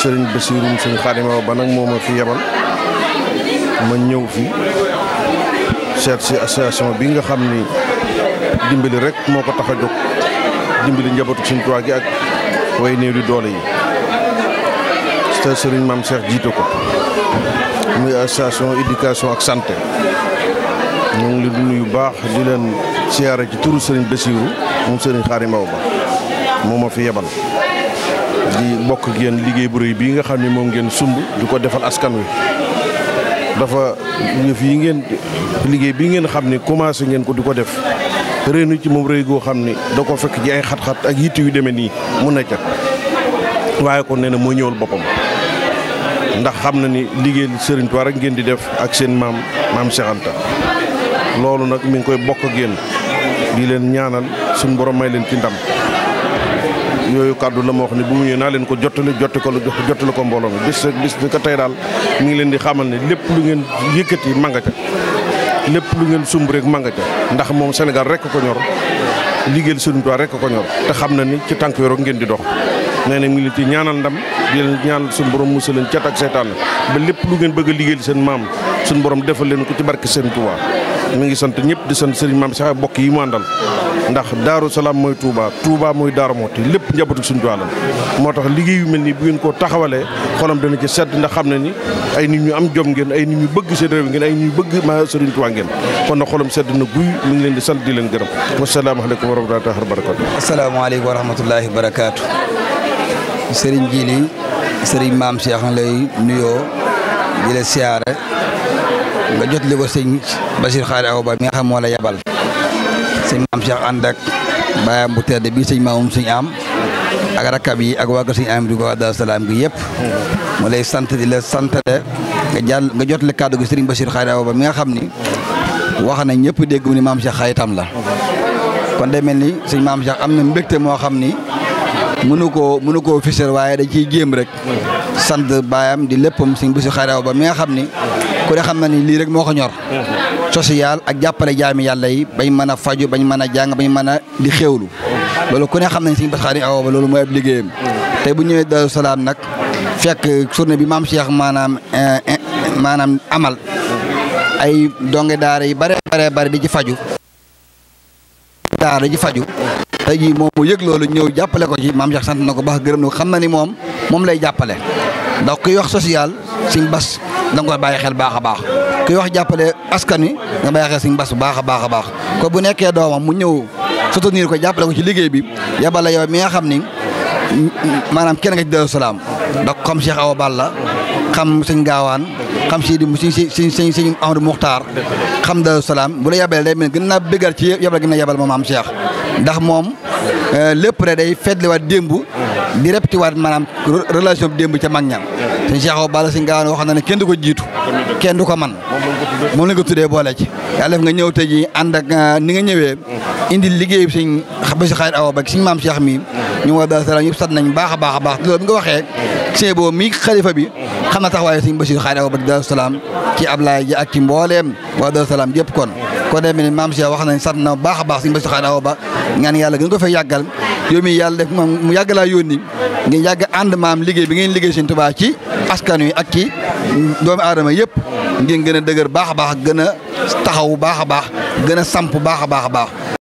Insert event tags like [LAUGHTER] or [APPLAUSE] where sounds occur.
sëriñ Basiiru sëriñ Xaadima ba nag moo ma fi yebal ma ñëw fi seet si association bi nga xam ni dimbali rek moo ko tax a jóg dimbali njabootu Sëriñ Tuubaa gi ak way néew di doole yi te sëriñ maam Cheikh jiite ko muy association éducation ak santé ñu ngi leen yu baax di leen siyaare ci turu sëriñ Basiiru moom sëriñ Xaadima ba moo ma fi yebal di bokk ak liggéey bu rëy bii nga xam ne moom ngeen sumb di ko defal askan wi dafa yëf yi ngeen liggéey bii ngeen xam ne commencé ngeen ko di ko def réenu ci moom rëy goo xam ne da ko fekk ci ay xat-xat ak yitte yu demee nii mun na ca waaye kon nee na moo ñëwal boppam ndax xam na ni liggéeyal Serigne Touba ak ngeen di def ak seen maam maam Cheikh loolu nag mu ngi koy bokk ak di leen ñaanal suñu borom may leen ci ndam. yooyu kàddu la ma wax ne bu ñëwee naa leen ko jottali jotti ko jottali ko mbooloo mi bis bis bi ko tey daal mi ngi leen di xamal ne lépp lu ngeen yëkkati ma nga ca lépp lu ngeen sumb rek ma ca ndax moom senegal rek ko ñor liggéeyal Sëriñ Tuubaa rek ko ñor te xam na ni ci tànk yoro ngeen di dox nee na mi ngi ci ñaanal ndam di leen ñaanal suñu borom musal leen cat ak seytaan ba lépp lu ngeen bëgg a seen maam suñ borom defal leen ko ci barke Sëriñ Tuubaa mi ngi sant ñëpp di sant sëriñ maam sax bokk yi mu àndal ndax daaru salaam mooy tuuba Touba mooy Daaru Muxti lépp njabootu suñ Tuubaa la moo tax liggéey yu mel ni bu ngeen ko taxawalee xolam dana ci sedd ndax xam na ni ay nit ñu am jom ngeen ay nit ñu bëgg seen réew ngeen ay nit ñu bëgg ma Sëriñ Tuubaa ngeen kon na xolam sedd na guy mi ngi leen di sant di leen gërëm wasalaamaaleykum wa rahmatullahi wa barakaatu asalaamaaleykum wa rahmatullahi wa barakaatu sëriñ Jili sëriñ maam Cheikh lay nuyoo di la siyaare nga jot li ko sëñ Bachir Xaari Awa Ba mi nga xam moo la yabal sëñ maam Cheikh ànd ak baayam bu tedd bi sëñ maamum sëñ am ak rakkab yi ak waa kër am di ko Daaru Salaam gi yëpp mu lay sant di la santale nga jàll nga jotle kàddu gi sëriñ Bachir Xaari Awa Ba mi nga xam ni wax na ñëpp dégg mu ni maam Cheikh xayitam la kon day mel ni sëñ maam Cheikh am na mbégte moo xam ni mënu koo mënu koo waaye da ciy jéem rek sant baayam di léppam sëñ Bachir Xaari Awa Ba mi xam ni ku ne xam na ni lii rek moo ko ñor [LAUGHS] social ak jàppale jaami yàlla yi bañ mën a faju bañ mën a jàng bañ mën a di xewlu loolu ko ne xam nañ Sëriñ Bass Khadim Awa Ba loolu mooy ab liggéeyam tey bu ñëwee Daaru Salaam nag fekk journée bi maam Cheikh maanaam eh, eh, maanaam amal ay donge daara yi bare bare bare di ci faju daara di faju tey jii moom mu yëg ñëw jàppale ko ci maam Cheikh sant na ko baax gërëm na xam na ni moom moom lay jàppale ndax kuy wax social siñ Bass da nga koy bàyyi xel baax a baax kuy wax jàppale askan wi nga bàyyi Sëñ Bass bu baax a baax a baax ko bu nekkee doomam mu ñëw soutenir ko jàppale ci liggéey bi yabal la yow mi nga xam ni maanaam kenn nga ci Daaru Salaam ndax xam Cheikh Awa Balla xam sëñ gaawaan xam si di si si si si si Amadou Muxtaar xam Daaru Salaam bu la yabalee lay mel gën naa bëggal ci yabal gi na yabal moom am Cheikh ndax moom euh, lépp rek day fetliwaat démb di reptiwaat maanaam relation bi démb ca mag ñam sëñ Cheikh Awa Balla si Ngalaan wax na ne kenn du ko jiitu kenn du ko man moom la nga tuddee boole ci yàlla def nga ñëw te jii ànd ak euh, ni nga ñëwee indi liggéey bi sëñ Bassirou Khayre Awa Ba suñ maam Cheikh mi ñu war Daaru Salaam yëpp sat nañ baax a baax a baax loolu bi nga waxee sëñ boobu mi xalifa bi xam na taxawaaye sëñ Bassirou Khayre Awa Ba Daaru Salaam ci Ablaye ji ak ci mbooleem waa yëpp kon ko demee ni maam Cheikh wax nañ sant na baax a baax suñu Bassirou Khady Awa Ba ñaan yàlla gën ko fay yàggal yow mi yàlla def mu yàgg laa yónni ngeen yàgg ànd maam liggéey bi ngeen liggéey seen Tuubaa ci askan wi ak ci doomu aadama yëpp ngeen gën a dëgër baax a baax gën a taxaw baax a baax gën a samp baax a baax a baax